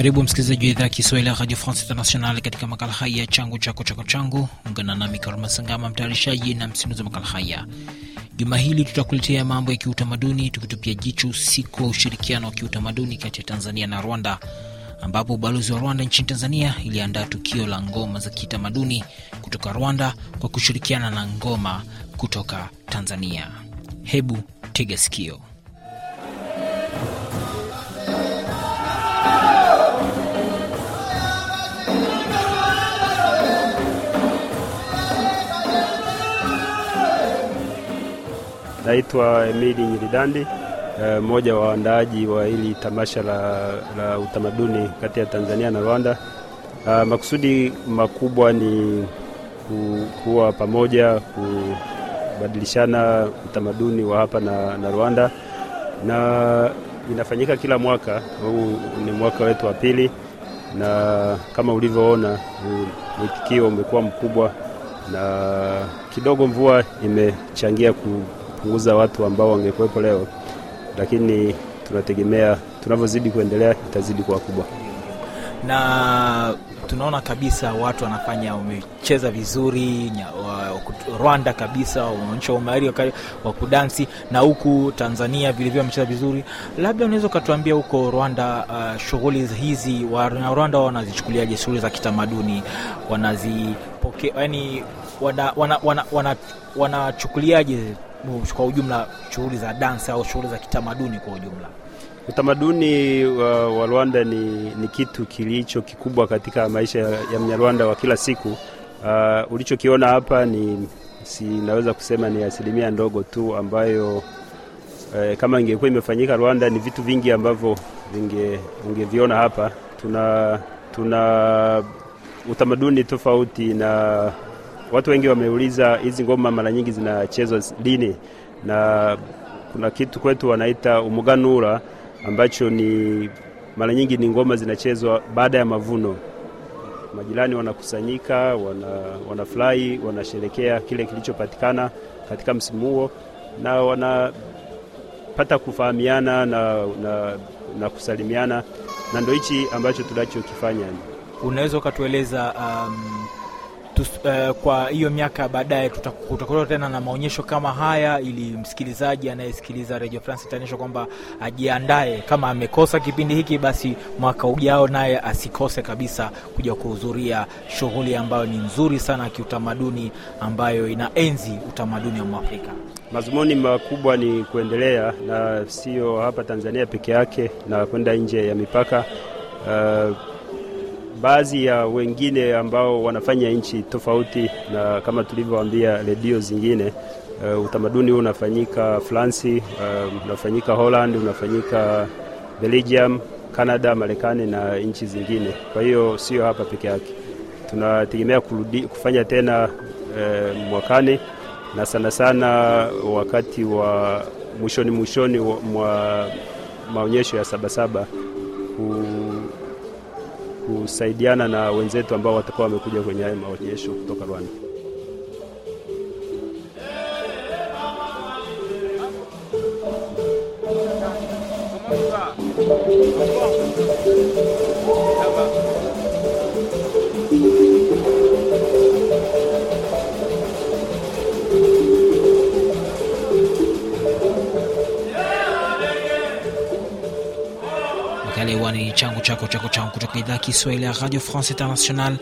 Karibu msikilizaji wa idhaa ya Kiswahili ya Radio France International katika makala haya changu chako chako changu. Ungana nami Karuma Sangama, mtayarishaji na msimulizi wa makala haya. Juma hili tutakuletea mambo ya kiutamaduni, tukitupia jicho siku wa ushirikiano wa kiutamaduni kati ya Tanzania na Rwanda, ambapo ubalozi wa Rwanda nchini Tanzania iliandaa tukio la ngoma za kitamaduni kutoka Rwanda kwa kushirikiana na ngoma kutoka Tanzania. Hebu tega sikio. Naitwa Emili Nyiridandi, eh, mmoja wa waandaaji wa hili tamasha la, la utamaduni kati ya Tanzania na Rwanda. Ah, makusudi makubwa ni kuwa pamoja, kubadilishana utamaduni wa hapa na, na Rwanda na inafanyika kila mwaka. Huu ni mwaka wetu wa pili, na kama ulivyoona mwitikio umekuwa mkubwa, na kidogo mvua imechangia ku kupunguza watu ambao wangekuwepo leo, lakini tunategemea tunavyozidi kuendelea itazidi kuwa kubwa, na tunaona kabisa watu wanafanya, wamecheza vizuri Rwanda kabisa, wameonyesha umahiri wa kudansi na huku Tanzania vilevile wamecheza vizuri. Labda unaweza ukatuambia huko Rwanda, uh, shughuli hizi Rwanda wanazichukuliaje? Shughuli za kitamaduni wanazipokea, yani wanachukuliaje? wana, wana, wana, wana kwa ujumla shughuli za dansi au shughuli za kitamaduni kwa ujumla? Utamaduni wa, wa Rwanda ni, ni kitu kilicho kikubwa katika maisha ya Mnyarwanda wa kila siku. Uh, ulichokiona hapa ni sinaweza kusema ni asilimia ndogo tu ambayo eh, kama ingekuwa imefanyika Rwanda ni vitu vingi ambavyo ungeviona hapa. Tuna, tuna utamaduni tofauti na Watu wengi wameuliza hizi ngoma mara nyingi zinachezwa lini, na kuna kitu kwetu wanaita umuganura ambacho ni mara nyingi ni ngoma zinachezwa baada ya mavuno. Majirani wanakusanyika, wanafurahi, wana wanasherekea kile kilichopatikana katika msimu huo, na wanapata kufahamiana na, na, na kusalimiana, na ndo hichi ambacho tunachokifanya. Unaweza ukatueleza um uh, kwa hiyo miaka baadaye tutakuwa tena na maonyesho kama haya, ili msikilizaji anayesikiliza Radio France International kwamba ajiandae, kama amekosa kipindi hiki, basi mwaka ujao naye asikose kabisa kuja kuhudhuria shughuli ambayo ni nzuri sana kiutamaduni ambayo inaenzi utamaduni wa Mwafrika. Mazumuni makubwa ni kuendelea na sio hapa Tanzania peke yake na kwenda nje ya mipaka uh, baadhi ya wengine ambao wanafanya nchi tofauti, na kama tulivyoambia redio zingine uh, utamaduni huu unafanyika Fransi, uh, unafanyika Holland, unafanyika Belgium, Canada, Marekani na nchi zingine. Kwa hiyo sio hapa peke yake, tunategemea kurudi kufanya tena uh, mwakani na sana sana wakati wa mwishoni mwishoni mwa maonyesho ya Sabasaba ku kusaidiana na wenzetu ambao watakuwa wamekuja kwenye haya maonyesho kutoka Rwanda. ni changu chako chako changu kutoka idhaa ya Kiswahili ya Radio France International,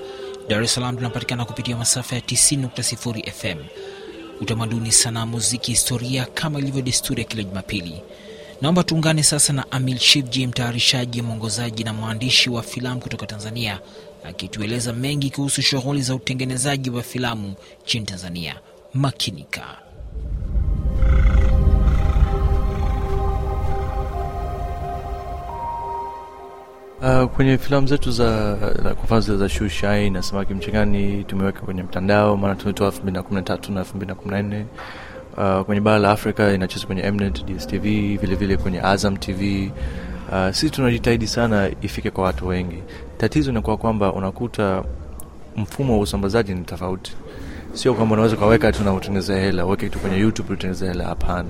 Dar es Salaam. Tunapatikana kupitia masafa ya 90.0 FM. Utamaduni, sana muziki, historia, kama ilivyo desturi ya kila Jumapili. Naomba tuungane sasa na Amil Shivji, mtayarishaji, mwongozaji na mwandishi wa filamu kutoka Tanzania, akitueleza mengi kuhusu shughuli za utengenezaji wa filamu nchini Tanzania. Makinika. Uh, kwenye filamu zetu za kwa mfano zile za Shushai na Samaki Mchangani tumeweka kwenye mtandao, maana tumetoa elfu mbili na kumi na tatu na elfu mbili na kumi na nne uh, kwenye bara la Afrika inacheza kwenye Mnet, DSTV vilevile vile kwenye Azam TV. Uh, sisi tunajitahidi sana ifike kwa watu wengi. Tatizo ni kwa kwamba unakuta mfumo wa usambazaji ni tofauti sio kwamba unaweza ukaweka tu na hela, uweke kitu kwenye YouTube utengeneza hela. Hapana,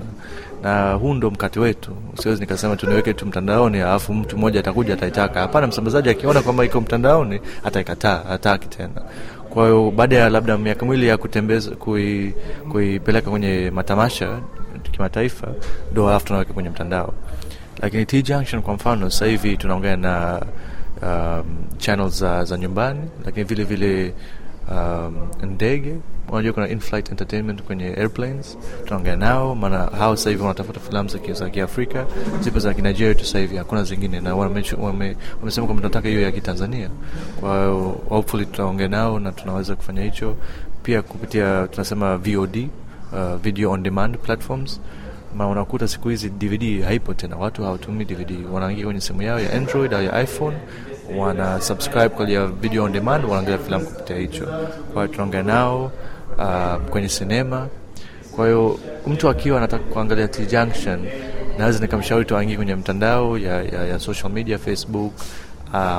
na huu ndo mkati wetu. Siwezi nikasema tuniweke tu mtandaoni alafu mtu mmoja atakuja ataitaka. Hapana, msambazaji akiona kwamba iko mtandaoni ataikataa, hataki tena. Kwa hiyo baada ya labda miaka miwili ya kutembeza kuipeleka kui, kwenye matamasha kimataifa, ndo alafu tunaweka kwenye mtandao. Lakini T Junction kwa mfano, sasa hivi tunaongea na um, channel za, za nyumbani, lakini vile vile Um, ndege. Unajua kuna inflight entertainment kwenye airplanes, tunaongea nao, maana hao sasa hivi wanatafuta filamu za Kiafrika, zipo za Kinigeria tu sasa hivi, hakuna zingine, na wamesema kwamba tunataka hiyo ya Kitanzania. Kwa hiyo hopefully tutaongea nao na tunaweza kufanya hicho pia kupitia tunasema VOD, uh, video on demand platforms ma unakuta siku hizi DVD haipo tena, watu hawatumii DVD, wanaingia kwenye simu yao ya Android au ya iPhone wana subscribe kwa ya video on demand, wanaangalia filamu kupitia hicho. Kwa hiyo tunaongea nao uh, kwenye sinema. Kwa hiyo mtu akiwa anataka kuangalia T Junction, naweza nikamshauri tu aingie kwenye mtandao ya, ya, ya social media Facebook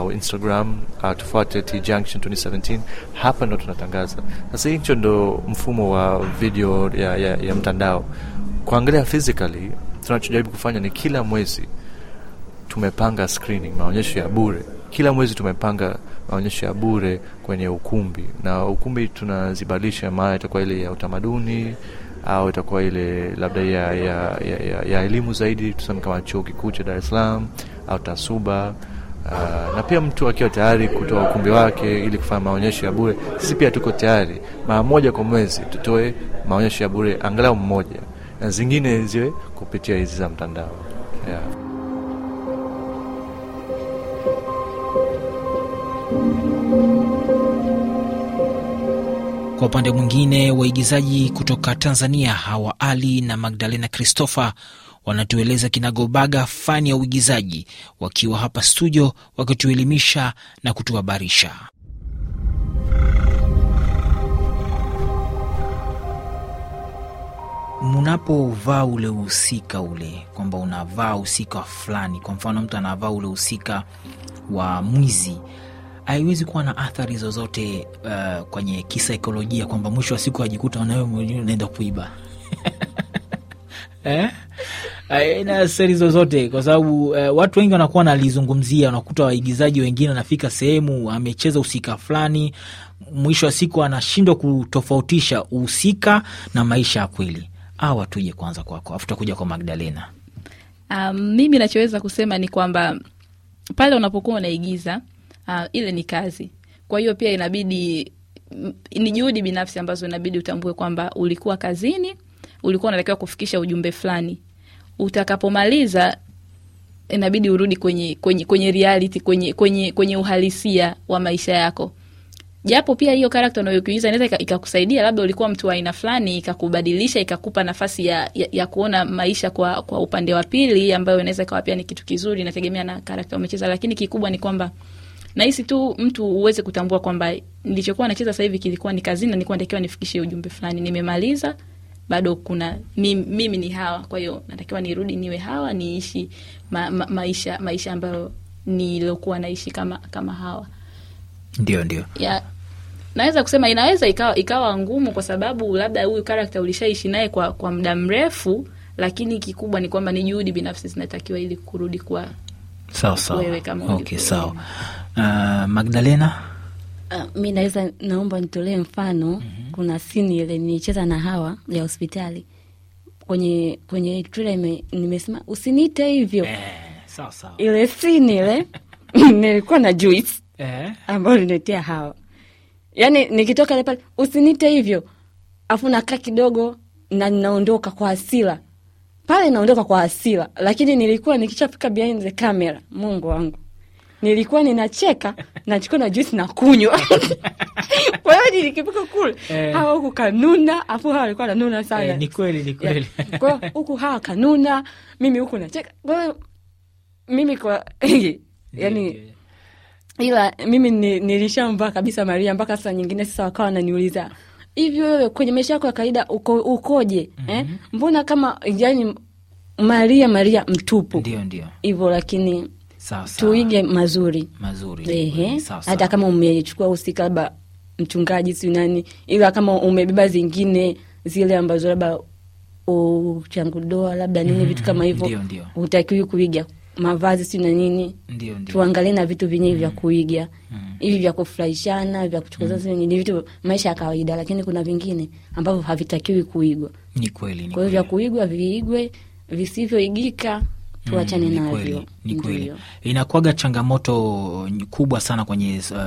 uh, Instagram uh, tufuate T Junction 2017. Hapa ndo tunatangaza sasa. Hicho ndo mfumo wa video ya, ya, ya mtandao. Kuangalia physically, tunachojaribu kufanya ni kila mwezi tumepanga screening, maonyesho ya bure kila mwezi tumepanga maonyesho ya bure kwenye ukumbi, na ukumbi tunazibadilisha, mara itakuwa ile ya utamaduni au itakuwa ile labda ya, ya, ya, ya, ya elimu zaidi, tuseme kama chuo kikuu cha Dar es Salaam au TASUBA. Uh, na pia mtu akiwa tayari kutoa ukumbi wake ili kufanya maonyesho ya bure, sisi pia tuko tayari mara moja kwa mwezi tutoe maonyesho ya bure angalau mmoja, na zingine ziwe kupitia hizi za mtandao yeah. Kwa upande mwingine, waigizaji kutoka Tanzania Hawa Ali na Magdalena Christopher wanatueleza kinagobaga fani ya uigizaji wakiwa hapa studio, wakituelimisha na kutuhabarisha. Mnapovaa ule uhusika ule, kwamba unavaa uhusika fulani, kwa mfano mtu anavaa ule uhusika wa mwizi haiwezi kuwa na athari zozote uh, kwenye kisaikolojia kwamba mwisho wa siku ajikuta wanawe mwenyewe unaenda kuiba eh? seri zozote kwa sababu eh, watu wengi wanakuwa nalizungumzia, unakuta waigizaji wengine wanafika sehemu, amecheza husika fulani, mwisho wa siku anashindwa kutofautisha uhusika na maisha ya kweli. Awa tuje kwanza kwako, afu tutakuja kwa Magdalena. Um, mimi nachoweza kusema ni kwamba pale unapokuwa unaigiza uh, ile ni kazi. Kwa hiyo pia inabidi ni juhudi binafsi ambazo inabidi utambue kwamba ulikuwa kazini, ulikuwa unatakiwa kufikisha ujumbe fulani. Utakapomaliza inabidi urudi kwenye kwenye kwenye reality, kwenye kwenye kwenye uhalisia wa maisha yako. Japo pia hiyo karakta unayokuiza inaweza ikakusaidia, labda ulikuwa mtu wa aina fulani, ikakubadilisha, ikakupa nafasi ya, ya, ya kuona maisha kwa, kwa upande wa pili, ambayo inaweza ikawa pia ni kitu kizuri, inategemea na karakta umecheza, lakini kikubwa ni kwamba nahisi tu mtu uweze kutambua kwamba nilichokuwa nacheza sahivi kilikuwa ni kazini na nilikuwa natakiwa nifikishie ujumbe fulani, nimemaliza bado kuna mimi, mimi ni hawa, kwa hiyo natakiwa nirudi niwe hawa, niishi ma, ma, maisha maisha ambayo niliokuwa naishi kama kama hawa. Ndio, ndio ya naweza kusema inaweza ikawa, ikawa ngumu kwa sababu labda huyu karakta ulishaishi naye kwa, kwa muda mrefu, lakini kikubwa ni kwamba ni juhudi binafsi zinatakiwa ili kurudi kwa sawa sawa. Wewe kama okay, sawa Ah, Magdalena, uh, mi naweza naomba nitolee mfano mm -hmm. Kuna sini ile nilicheza na hawa ya hospitali kwenye kwenye trailer, nimesema usiniite hivyo eh, sawa sawa. Ile sini ile nilikuwa na Juice eh, ambayo linetea hawa, yani, nikitoka ile pale usiniite hivyo, afu nakaa kidogo na ninaondoka kwa hasira pale, naondoka kwa hasira, lakini nilikuwa nikishafika behind the camera, Mungu wangu nilikuwa ninacheka nachukua na juisi na kunywa kwa hiyo nikipika kule eh, hawa huku kanuna afu hawa walikuwa nanuna sana eh, ni kweli ni kweli yeah. kwa hiyo huku hawa kanuna mimi huku nacheka kwa hiyo mimi kwa yani ila mimi nilishamvaa kabisa Maria mpaka sasa nyingine sasa wakawa wananiuliza hivyo wewe kwenye maisha yako ya kawaida uko, ukoje mm -hmm. eh? Mhm. mbona kama yani Maria Maria mtupu ndio ndio hivyo lakini Tuige mazuri mazuri, ehe, hata kama umechukua husika labda mchungaji si nani, ila kama umebeba zingine zile ambazo labda uchangudoa labda nini mm, vitu mm-hmm. kama hivyo, utakiwi kuiga mavazi si na nini. Tuangalie na vitu vyenyewe mm, vya mm-hmm. kuiga mm, hivi vya kufurahishana vya kuchukuza mm, ni vitu maisha ya kawaida, lakini kuna vingine ambavyo havitakiwi kuigwa. Ni ni kweli. Kwa hiyo vya kuigwa viigwe, visivyoigika tuachane mm, navyo. Ni kweli inakuwaga changamoto kubwa sana kwenye uh,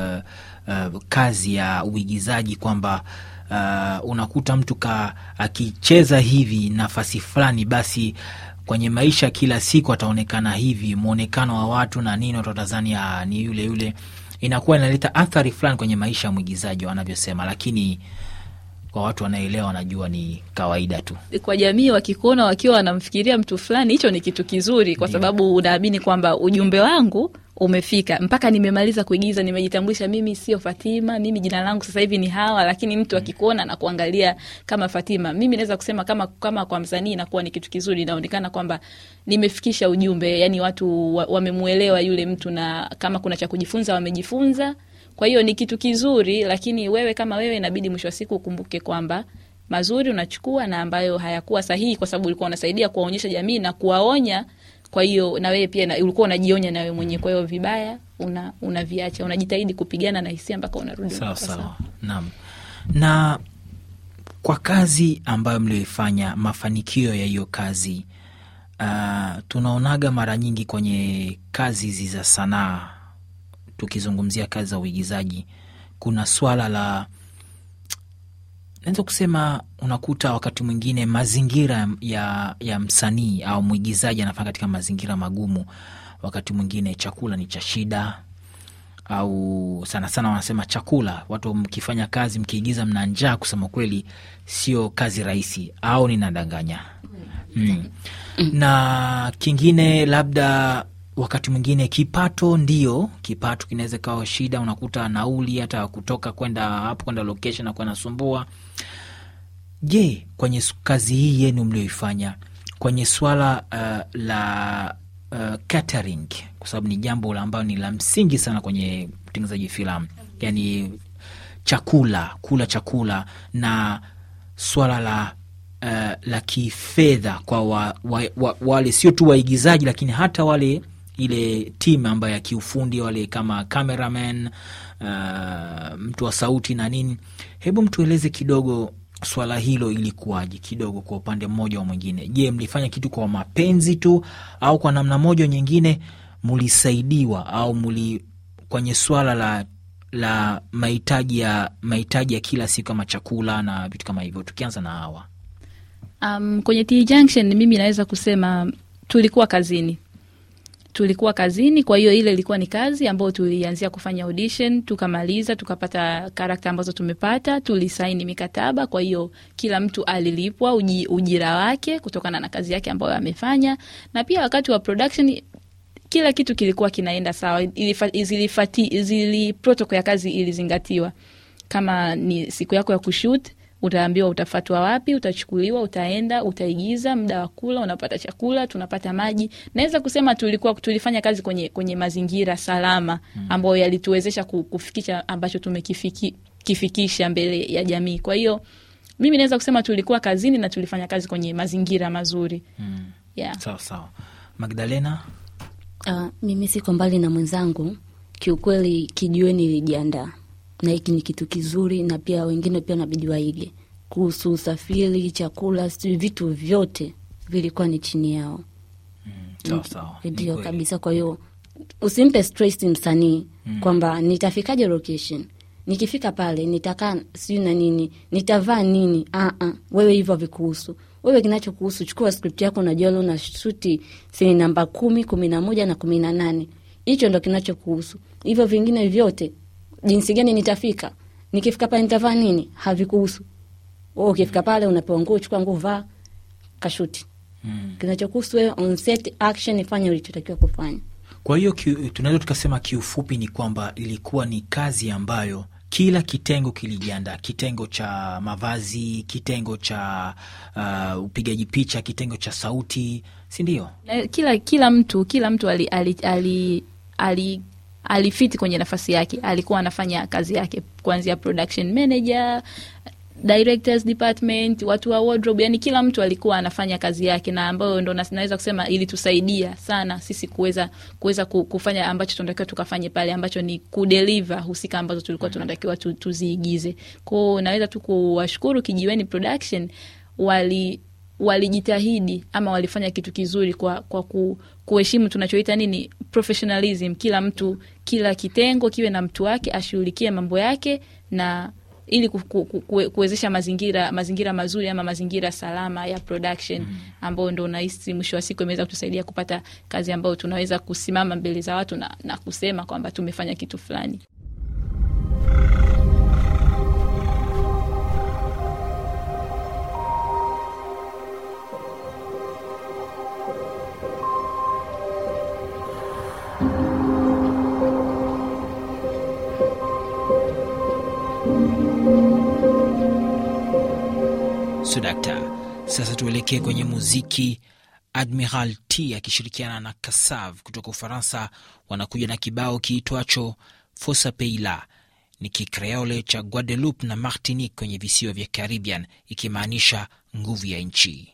uh, kazi ya uigizaji kwamba uh, unakuta mtu ka akicheza hivi nafasi fulani basi kwenye maisha kila siku ataonekana hivi, mwonekano wa watu na nini, watotazania ni yule yule. Inakuwa inaleta athari fulani kwenye maisha ya mwigizaji wanavyosema, lakini kwa watu wanaelewa, wanajua ni kawaida tu kwa jamii, wakikuona wakiwa wanamfikiria mtu fulani, hicho ni kitu kizuri, kwa sababu unaamini kwamba ujumbe wangu umefika mpaka nimemaliza kuigiza, nimejitambulisha, mimi sio Fatima, mimi jina langu sasa hivi ni Hawa, lakini mtu akikuona na kuangalia kama Fatima, mimi naweza kusema kama, kama kwa msanii inakuwa ni kitu kizuri, inaonekana kwamba nimefikisha ujumbe, yani watu wamemuelewa yule mtu, na kama kuna cha kujifunza wamejifunza kwa hiyo ni kitu kizuri, lakini wewe kama wewe inabidi mwisho wa siku ukumbuke kwamba mazuri unachukua na ambayo hayakuwa sahihi, kwa sababu ulikuwa unasaidia kuwaonyesha jamii na kuwaonya. Kwa hiyo na wewe pia ulikuwa unajionya na wewe mwenyewe. Kwa hiyo vibaya una unaviacha, unajitahidi kupigana na hisia mpaka unarudi. Sawa sawa, naam. Na kwa kazi ambayo mlioifanya, mafanikio ya hiyo kazi, uh, tunaonaga mara nyingi kwenye kazi hizi za sanaa tukizungumzia kazi za uigizaji kuna swala la naweza kusema unakuta wakati mwingine mazingira ya, ya msanii au mwigizaji anafanya katika mazingira magumu. Wakati mwingine chakula ni cha shida, au sana sana wanasema chakula, watu mkifanya kazi mkiigiza mna njaa, kusema kweli sio kazi rahisi, au ninadanganya? Mm. Mm. Na kingine labda wakati mwingine kipato ndio kipato kinaweza kawa shida, unakuta nauli hata kutoka kwenda hapo kwenda location na kunasumbua. Je, kwenye kazi hii yenu mlioifanya kwenye swala uh, la uh, catering, kwa sababu ni jambo ambalo ni la msingi sana kwenye utengenezaji filamu, yani chakula, kula chakula na swala la Uh, la kifedha kwa wa, wa, wa, wale sio tu waigizaji lakini hata wale ile tim ambayo ya kiufundi wale kama cameraman, uh, mtu wa sauti na nini. Hebu mtueleze kidogo swala hilo ilikuwaje kidogo kwa upande mmoja wa mwingine? Je, mlifanya kitu kwa mapenzi tu au kwa namna moja nyingine mulisaidiwa au muli kwenye swala la la mahitaji ya mahitaji ya kila siku kama chakula na vitu kama hivyo? Tukianza na hawa um, kwenye T Junction, mimi naweza kusema tulikuwa kazini tulikuwa kazini, kwa hiyo ile ilikuwa ni kazi ambayo tulianzia kufanya audition, tukamaliza, tukapata karakta ambazo tumepata, tulisaini mikataba, kwa hiyo kila mtu alilipwa uji, ujira wake kutokana na kazi yake ambayo amefanya, na pia wakati wa production kila kitu kilikuwa kinaenda sawa, zili protokol ya kazi ilizingatiwa. Kama ni siku yako ya kushoot utaambiwa utafatwa wapi, utachukuliwa, utaenda, utaigiza, muda wa kula unapata chakula, tunapata maji. Naweza kusema tulikuwa tulifanya kazi kwenye, kwenye mazingira salama hmm. ambayo yalituwezesha kufikisha ambacho tumekifikisha mbele ya jamii. Kwa hiyo mimi naweza kusema tulikuwa kazini na tulifanya kazi kwenye mazingira mazuri. Hmm. Yeah. Sawa sawa. Magdalena? Uh, mimi siko mbali na mwenzangu kiukweli, kijueni ilijiandaa na hiki ni kitu kizuri, na pia wengine pia nabidi waige kuhusu usafiri, chakula, sijui vitu vyote vilikuwa ni chini yao. Mm, ndio kabisa. Kwa hiyo usimpe stress msanii mm, kwamba nitafikaje location nikifika pale nitakaa sijui na nini nitavaa nini. Ah, ah, wewe hivyo vikuhusu wewe. Kinachokuhusu, chukua script yako, unajua leo na shuti sini namba kumi, kumi na moja na kumi na nane. Hicho ndo kinachokuhusu, hivyo vingine vyote jinsi gani nitafika, nikifika pale nitavaa nini, havikuhusu wewe. Ukifika pale unapewa nguo, chukua nguo, vaa, kashuti. Hmm. Kinachokuhusu wewe on set action, ifanye ulichotakiwa kufanya. Kwa hiyo tunaweza tukasema kiufupi ni kwamba ilikuwa ni kazi ambayo kila kitengo kilijiandaa, kitengo cha mavazi, kitengo cha uh, upigaji picha, kitengo cha sauti, si ndio? Eh, kila kila mtu kila mtu ali, ali, ali, ali alifiti kwenye nafasi yake, alikuwa anafanya kazi yake kuanzia production manager directors department, watu wa wardrobe, yani kila mtu alikuwa anafanya kazi yake, na ambayo ndo naweza kusema ilitusaidia sana sisi kuweza kuweza kufanya ambacho tunatakiwa tukafanye pale, ambacho ni kudeliver husika ambazo tulikuwa mm-hmm. tunatakiwa tu, tuziigize kwao. Naweza tu kuwashukuru Kijiweni Production wali walijitahidi ama walifanya kitu kizuri kwa, kwa ku, kuheshimu tunachoita nini professionalism. Kila mtu kila kitengo kiwe na mtu wake ashughulikie mambo yake na ili kuwezesha mazingira mazingira mazuri ama mazingira salama ya production mm-hmm. ambayo ndo unahisi mwisho wa siku imeweza kutusaidia kupata kazi ambayo tunaweza kusimama mbele za watu na, na kusema kwamba tumefanya kitu fulani. Sudakta. Sasa tuelekee kwenye muziki. Admiral T akishirikiana na Kasav kutoka Ufaransa wanakuja na kibao kiitwacho fosa Peila, ni kikreole cha Guadeloupe na Martinique kwenye visiwa vya Caribbean, ikimaanisha nguvu ya nchi.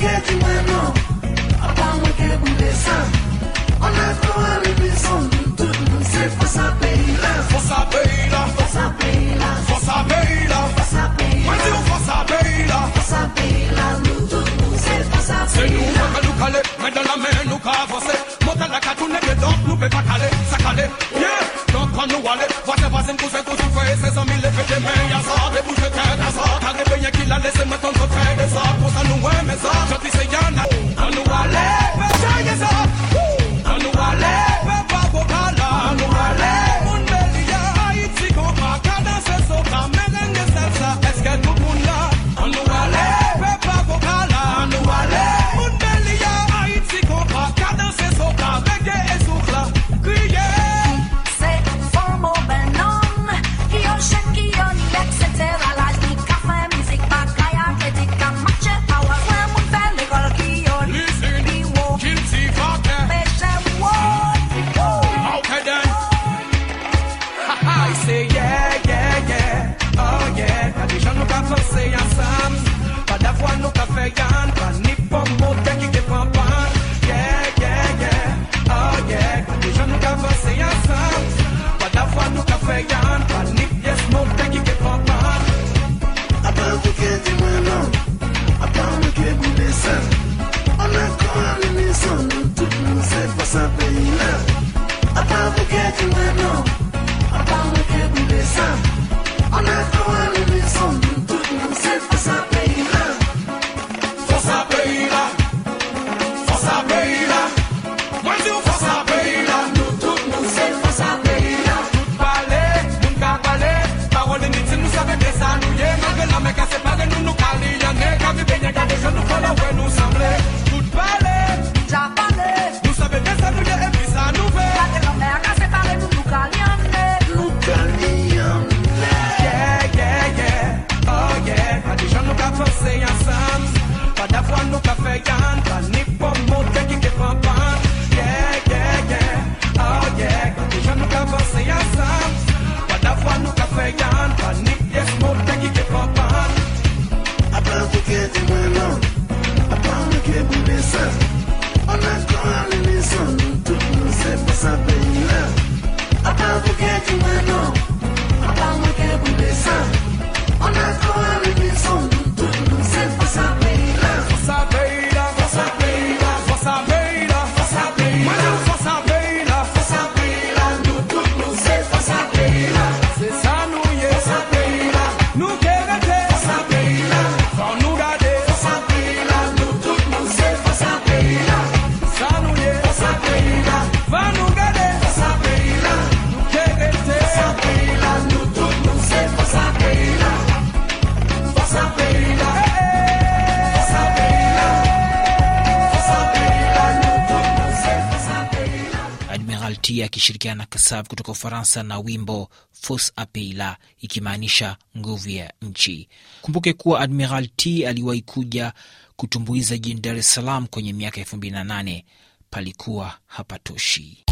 can't akishirikiana na Kasav kutoka Ufaransa na wimbo Force Apeila ikimaanisha nguvu ya nchi. Kumbuke kuwa Admiral T aliwahi kuja kutumbuiza jijini Dar es Salaam kwenye miaka elfu mbili na nane. Palikuwa hapatoshi.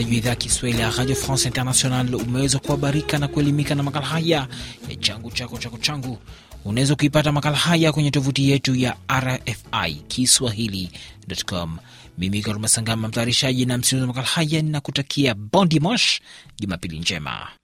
msikilizaji wa idhaa Kiswahili ya Radio France International, umeweza kuhabarika na kuelimika na makala haya ya changu chako chako changu. Unaweza kuipata makala haya kwenye tovuti yetu ya RFI Kiswahili.com. Mimi Karuma Sangama, mtayarishaji na msimulizi wa makala haya, ninakutakia bon dimanche, Jumapili njema.